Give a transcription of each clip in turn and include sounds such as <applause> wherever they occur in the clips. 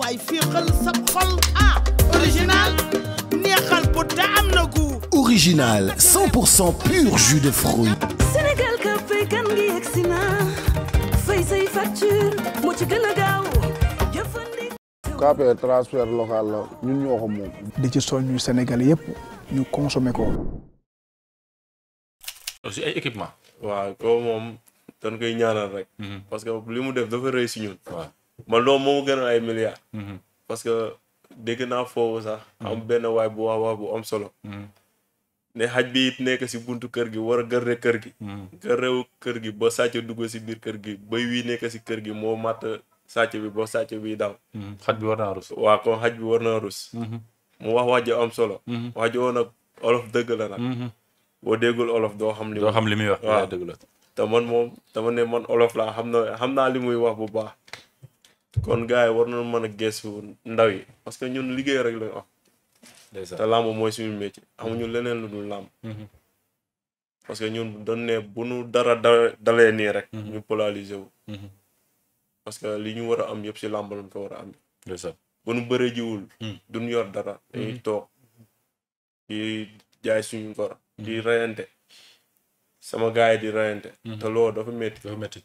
waay fii xal sa xol ah original neexal bu te pur jus de fruits Sénégal ka fay kan ngi yegsi na fay say facture moo ci gën a gaaw local la ñun ñoo ko moom di ci soññu Sénégal yëpp ñu consommer ko aussi ay équipement waaw mhm. mu def man loolu moo ma gënal ay milliards. Mhm. parce que dégg naa foofu sax. am mhm. benn waay bu wax wax bu am solo. Mhm. ne xaj bi it nekk si buntu kër gi war a gërre kër gi. kër gi ba sàcc dugg si biir kër gi bay wii nekk si kër gi moo mat sàcc bi ba sàcc bi daw. xaj bi war naa rus. waaw kon xaj bi war naa rus. mu wax wax ji am solo. wax ji woon olof dëgg la nag. boo déggul olof doo xam li. doo li muy wax dëgg la. te man muy wax bu baax. kon gars yi war nañu mën a geesu ndaw yi parce que ñun liggéey rek lañu am. te làmb mooy suñu métier ñu mhm. leneen lu dul làmb. Mhm. parce que ñun doon ne bu nu dara da dalee nii rek. Mhm. ñu polariser wu. que li ñu war a am yëpp si làmb lañ ko war a am. bu nu bëree jiwul. duñ yor dara. dañuy toog di jaay suñu ngor. di reyante sama gars yi di reyante. te loo dafa métti.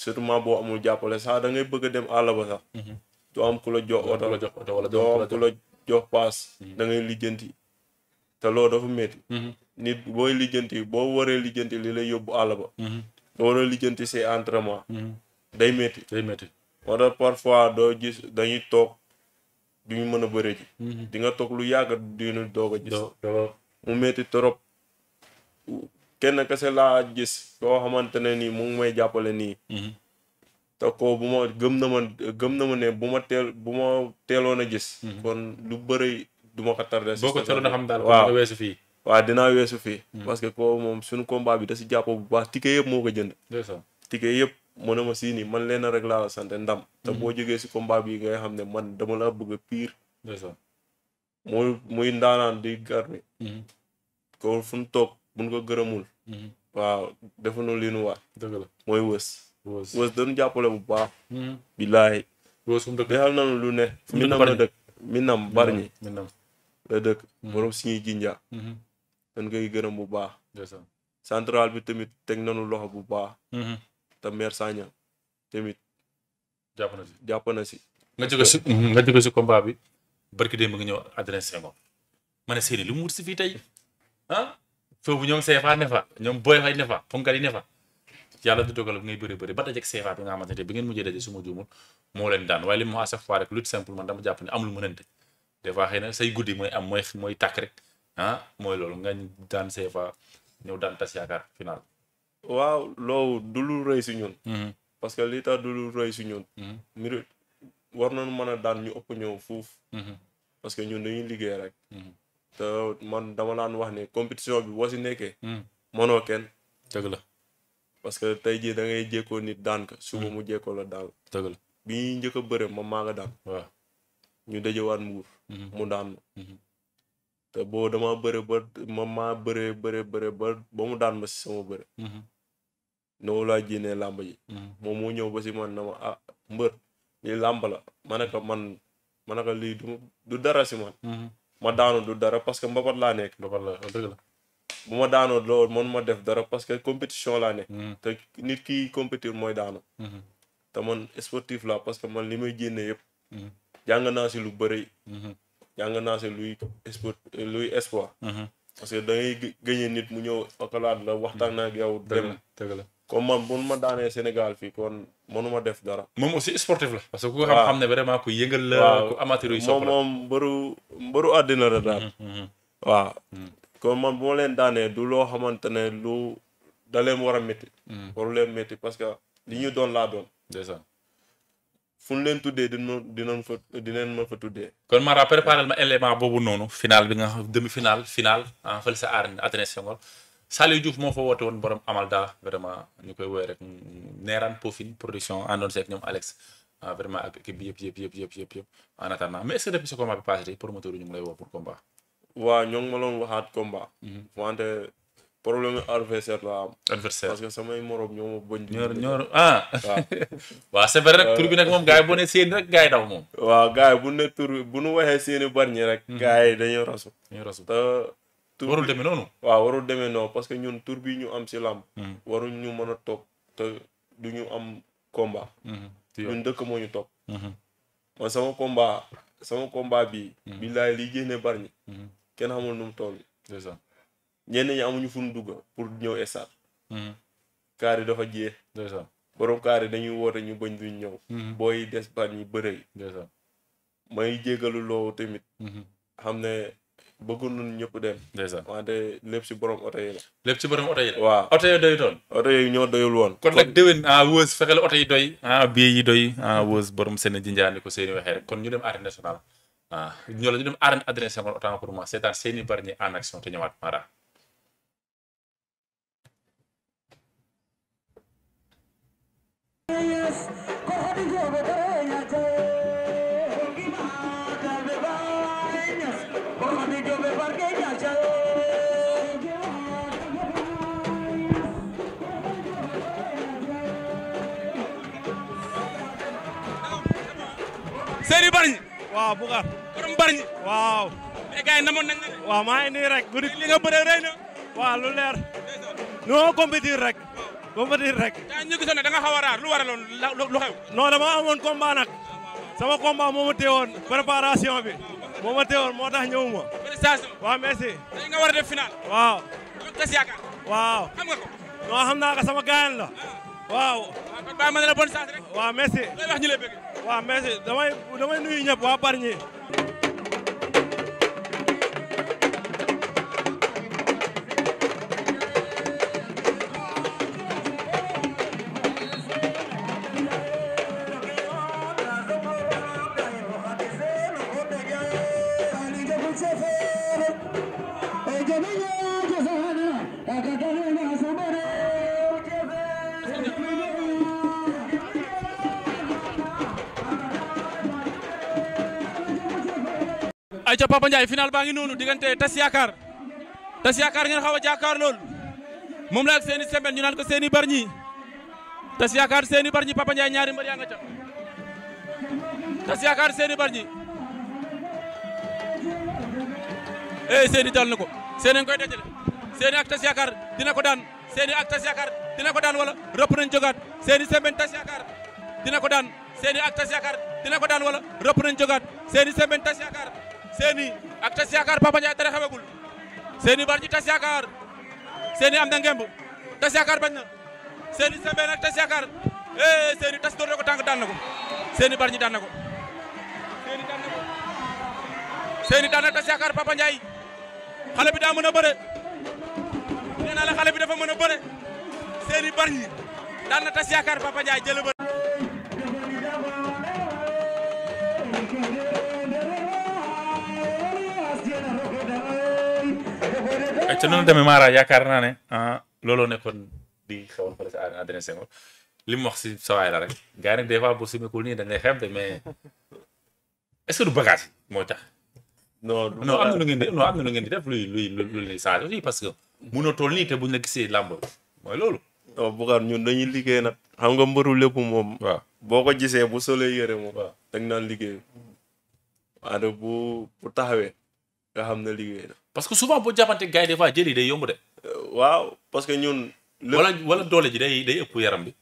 surtout boo amul jàppale sax da ngay bëgg a dem àll ba sax. Mhm. doo am ku la jox oto la jox oto wala doo am ku paas. Mhm. da lijjanti te loolu dafa métti. Mhm. nit booy lijjanti boo waree lijjanti li lay yóbbu àll ba. nga war a lijjanti say entraînement. day métti day métti. moo tax parfois doo gis dañuy toog duñu mën a bëre ji. di toog lu yàgg duñu doog a gis. mu métti trop. kenn kese laa gis koo xamante ne nii moom ngi may jàppale nii. Mhm. te ko bu ma gëm na ma gëm na ma ne bu ma teel bu ma teeloon a gis. Mhm. kon lu bëri du ma ko de boo ko teeloon a xam daal waaw weesu fii. waaw dinaa weesu fii. Mhm. parce que ko moom suñu combat bi da si jàpp bu baax ticket yëpp moo ko jënd. ticket yëpp mën na ma sii nii man leen rek laa sant ndam. te boo jógee si combat bi ngay xam ne man dama la bëgg a pire. muy muy ndaanaan di gar mi. ko fu toog. mun ko gërëmul. Mhm. waaw defu na li nu la mooy wës. wës wës dañu bu baax. Mhm. billaay. wës fu mu lu ne. mi nam la dëkk mi nam bari ñi. mi nam la dëkk. jinja. Mhm. dañ koy gërëm bu baax. central bi tamit teg nañu loxo bu baax. te maire Sagna tamit. jàpp na nga jóge si nga jóge si combat ñëw adressé ko ma lu mu si fii tey foofu ñoom CFA ne fa ñoom Boy Faye ne fa ponkal yi ne fa yàlla du dogal bu ngay bëri bëri ba dajeeg bi nga xamante ne bi ngeen mujjee daje su ma juumul moo leen daan waaye li mu à chaque fois rek lutte simple dama jàpp ne am lu mënante des na say guddi mooy ah, daan CFA ñëw daan tas yaakaar final. waaw loolu du lu rëy si ñun. Mhm. parce que li tax du si ñun. Mhm. mbir war nañu nu a daan ñu ëpp ñëw fuuf. Mhm. parce que ñun dañuy liggéey rek. te man dama laan wax ne compétition bi boo si nekkee. Hmm. mënoo kenn. dëgg la parce que tey jii da ngay jékkoo nit daan ka suba hmm. mu jékkoo la daal. dëgg la bi ñuy njëkk a bëre ma maa nga daan. ñu dajewaat mbuur hmm. mu boo dama bëre ba ma maa mu daan ma si sama bëre. noonu laa jiinee làmb ji. moom moo ñëw ba si man na ma ah mbër lii làmb la ma ne ko lii du dara si man. ma daanoo du dara parce que mbapat laa nekk. mbapat la dëgg bu ma daanoo loolu man ma def dara parce que compétition laa nekk. Hmm. te nit ki compétir mooy daanu. Hmm. te man sportif laa parce que man li may génne yëpp. Hmm. jàng naa si lu bëri. jàng naa si luy sport luy espoir. parce que da ngay nit mu ñëw akalaat la waxtaan ak yow. dëgg dem comme man bu ma daanee Sénégal fii kon mënuma def dara. moom aussi sportif la. parce que ku xam-xam ne vraiment ku yëngal la. ku amateur yu sopp la moom moom mbëru mbëru mm-hmm, mm-hmm. waaw. kon mm-hmm. man bu ma leen daanee du loo xamante ne lu da leen war a métti. waru leen métti parce que li ñu doon laa doon. ndeysaan. leen tuddee dinañ dinañ fa dinañ tuddee. kon Mara préparé ma élément boobu noonu final bi nga xam demi final final en fële sa aar Saliou Diouf moo fa woote woon borom Amalda vraiment ñu koy woowee rek neeraan Pofine production àndoon seeg ñoom Alex ah, vraiment ak équipe bi yëpp yëpp yëpp yëpp yëpp yëpp en attendant mais est ce que depuis sa combat bi passé tey promoteur ñu ngi lay woo pour combat. waaw ñoo ngi ma doon waxaat combat. Mhm. wante problème adversaire la am. adversaire parce que samay morom ñoo ma bañ. ñor ñor ah. waaw waaw c'est vrai rek tur bi nag euh, moom gars yi bu ne seen rek gars yi daw moom. waaw gars yi bu ne tur bu nu waxee seen i bari ñi rek. Mhm. gars yi dañuy rasu. dañuy rasu te. tur warul demee noonu. waaw warul deme noonu parce que ñun tur bi ñu am si làmb. Hmm. warul ñu mën a toog te du ñu am combat. Hmm. ñun dëkk moo ñu toog. Hmm. man sama komba sama combat bi billaay liy bari Bargny. kenn xamul nu mu toll. c'est ça ñenn ñi amuñu fu mu dugg pour ñëw stade. kaar dafa jeex. c'est ça borom dañuy woote ñu bañ duñ ñëw. booy des Bargny bëre yi. may jégalu loolu tamit. xam ne. bëggul ñun ñëpp dem. ndeysaan wante lépp borom oto yi la. lépp ci borom oto yi la. waaw oto yi doy toon. oto yi ñoo doyul woon. kon nag déwén ah wëz fexeel oto yi doy. ah bii yi doy ah wëz borom seen jinjaan ni ko seeni waxee kon ñu dem arène nationale ah ñoo la ñu dem arène adressé woon autant pour moi seeni bari en action te ñëwaat Mara. Seydou Bargny. waaw Boucar. borom Bargny. waaw. mais gars yi namoon maa ngi rek. guddi li nga bëree lu leer. non compétir rek. compétir rek. daa ñu gisoon ne da a raar lu waraloon sama combat moo teewoon préparation bi. moo ma teewoon moo tax ñëwuma. félicitations. waaw merci. tey a waaw. kon tas naa ko sama gaayan la. Ah. waaw. Ah, waaw kon waaw merci damay damay nuyu ñëpp waa Bargny Thank you. ay ca Papa Ndiaye final baa ngi noonu diggante tas yaakaar tas yaakaar ngeen xaw a jàkkaar moom la ak seeni sembel ñu ko seeni bar ñi yaakaar seeni bar ñi Papa Ndiaye ñaari nga ca tas yaakaar seeni bar ñi eh seeni dal na ko seeni koy dajale seeni ak tas yaakaar dina ko daan seeni ak tas yaakaar dina ko daan wala rëpp nañ jogaat seeni sembel tas yaakaar dina ko daan seeni ak tas dina ko daan wala rëpp nañ jogaat seeni sembel tas Séni ak tas yaakaar Papa Ndiaye dara xewagul Séni bari ci tas yaakaar Séni am na ngemb tas bañ na Séni sembe nak tas yaakaar eh Séni tas door na ko tànk daan na ko Séni bari ñi daan na ko Séni daan na ko Séni xale bi daa mën a bëre nee naa xale bi dafa mën a bëre Séni bari ñi na tas yaakaar jël bëre ca eh, noonu demee Mara yaakaar naa ne ah looloo di xewoon fële ca Adrien Senghor li mu wax si sa waay la rek gars yi nag des fois boo nii dañ lay xeeb de mais est du bagage moo tax. non non am na lu ngeen di non am na lu ngeen di def luy luy luy luy changé que munoo toll nii te buñ la gisee làmb mooy dañuy liggéey nag. xam nga mbëru lépp moom. waaw ko gisee bu solee yëre moom. waaw naan liggéey. waaw bu bu nga xam ne liggéey na. parce que souvent boo jàppante gars yi des fois jëli day yomb de. waaw parce que ñun. wala wala doole ji day day ëpp yaram bi.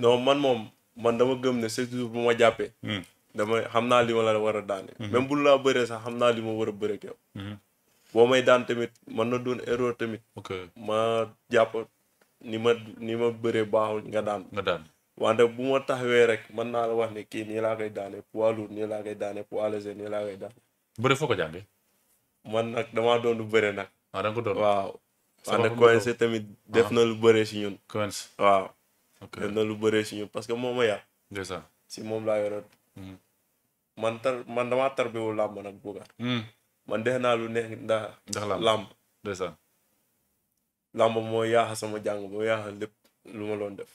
non man moom man dama gëm ne chaque jour bu ma jàppee. Hmm. dama xam naa li ma la war a daane. Hmm. même bu laa bëree sax xam naa li ma war a bëree yow. Hmm. boo daan tamit mën na doon erreur tamit. ma jàpp ni ma ni ma bëree baaxul nga daan. nga daan wante bu ma taxawee rek man naa la wax ne kii nii laa koy daane poids lourd nii laa koy daane poids léger nii laa koy daane. bëre foo ko man nag damaa doon lu bëre nag. Ah, waaw da nga ko tamit def na lu ah. bëree si ñun. Coins waaw. def na lu bëree si parce que moom ma si moom laa yoroon. Mm-hmm. man tar man damaa tarbiwu làmb nag buga. Mm. man dex naa lu neex ndax. ndax làmb ndeysaan. moo yaaxa sama jàng moo yaaxa lépp lu ma loon def.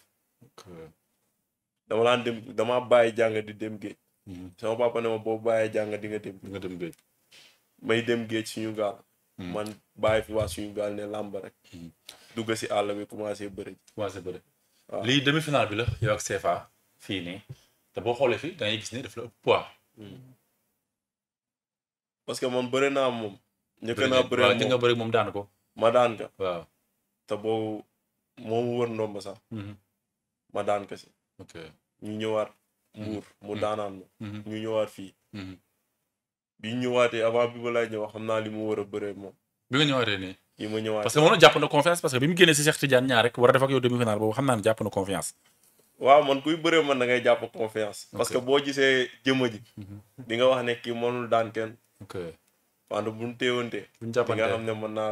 dama laan dem dama bàyyi jàng di dem géej. Mm-hmm. sama papa ne ma boo bàyyee jàng di nga dem. di may dem géej suñu gaal. Hmm. man bàyyi fi waa suñu gaal ne làmb rek. Hmm. dugg si àll bi commencé bëri. commencé lii demi final bi la yow ak CFA fii nii te boo xoolee fii da ngay gis ne daf la ëpp poids. Hmm. parce que man bëri naa moom. njëkk naa bëri moom moom daan ko. ma daan ka waaw te boobu moomu wër ndomb sax. ma daan ka si. ñu ñëwaat. muur mu daanaan ma. ñu ñëwaat fii. bi ñëwaatee avant bi ba laay ñëw xam naa li mu war a bëree moom. bi nga ñëwaatee nii. yi a ñëwaatee parce que mënoon jàpp na confiance parce que bi mu génnee si Cheikh Tidiane ñaar rek war a def ak yow demi boobu xam naa ne jàpp na confiance. da ngay jàpp confiance. Mhm. la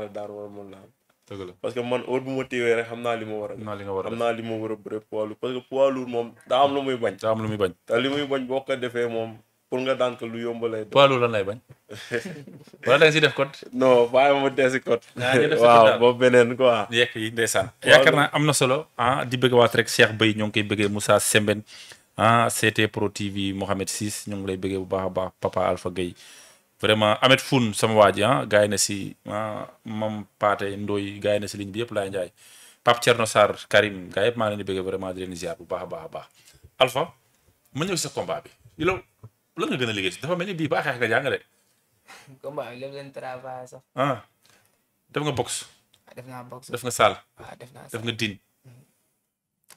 daan wala man heure bu ma téewee li ma war a. li nga a xam naa li a bëre poids lourd parce que poids lourd moom daa am lu bañ. daa am bañ boo ko defee moom pour nga daan ko lu yomb lay. poids lay bañ. <laughs> wala a nga siy def code. non bàyyi ma dee si code. Ah, waaw boobu beneen quoi. yekk yi ndeysaan. yaakaar naa am na solo. ah di bëgg waat rek Cheikh Beye ñoo ngi koy bëggee Moussa Sembène ah CT Pro TV Mohamed Ciss ñoo ngi lay bëggee bu baax a baax Papa Alpha Gueye vraiment Ahmed Foun sama waa ji ah, si ah mam Paate Ndoy gars yi na si ligne yëpp laay njaay Pape Thierno Sarr Karim gars yëpp maa leen di bëggee vraiment di leen ziar bu baax a baax a Alpha ma ñëw sa combat bi yow. lan nga a liggéey si dafa mel ni bii baax nga jàngale. combat bi lépp leen travail sax. ah def nga box. Ah, def naa box def nga saal. Ah, waaw def naa def nga din.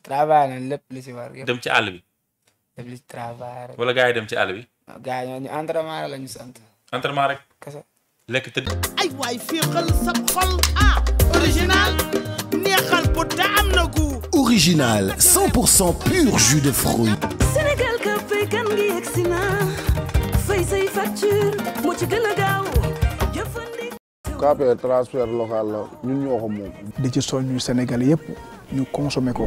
travail na lépp li si war yëpp. dem ci àll bi. def li wala gars dem ci àll bi. Ah, gars yi ñu rek la ñu rek. kese lekk tëdd. ay waay féexal sa xol ah original neexal bu te am original pur jus de fruits. KPA transfert local la ñun ñoo ko moom. di ci soññu Sénégal yëpp ñu consommer ko.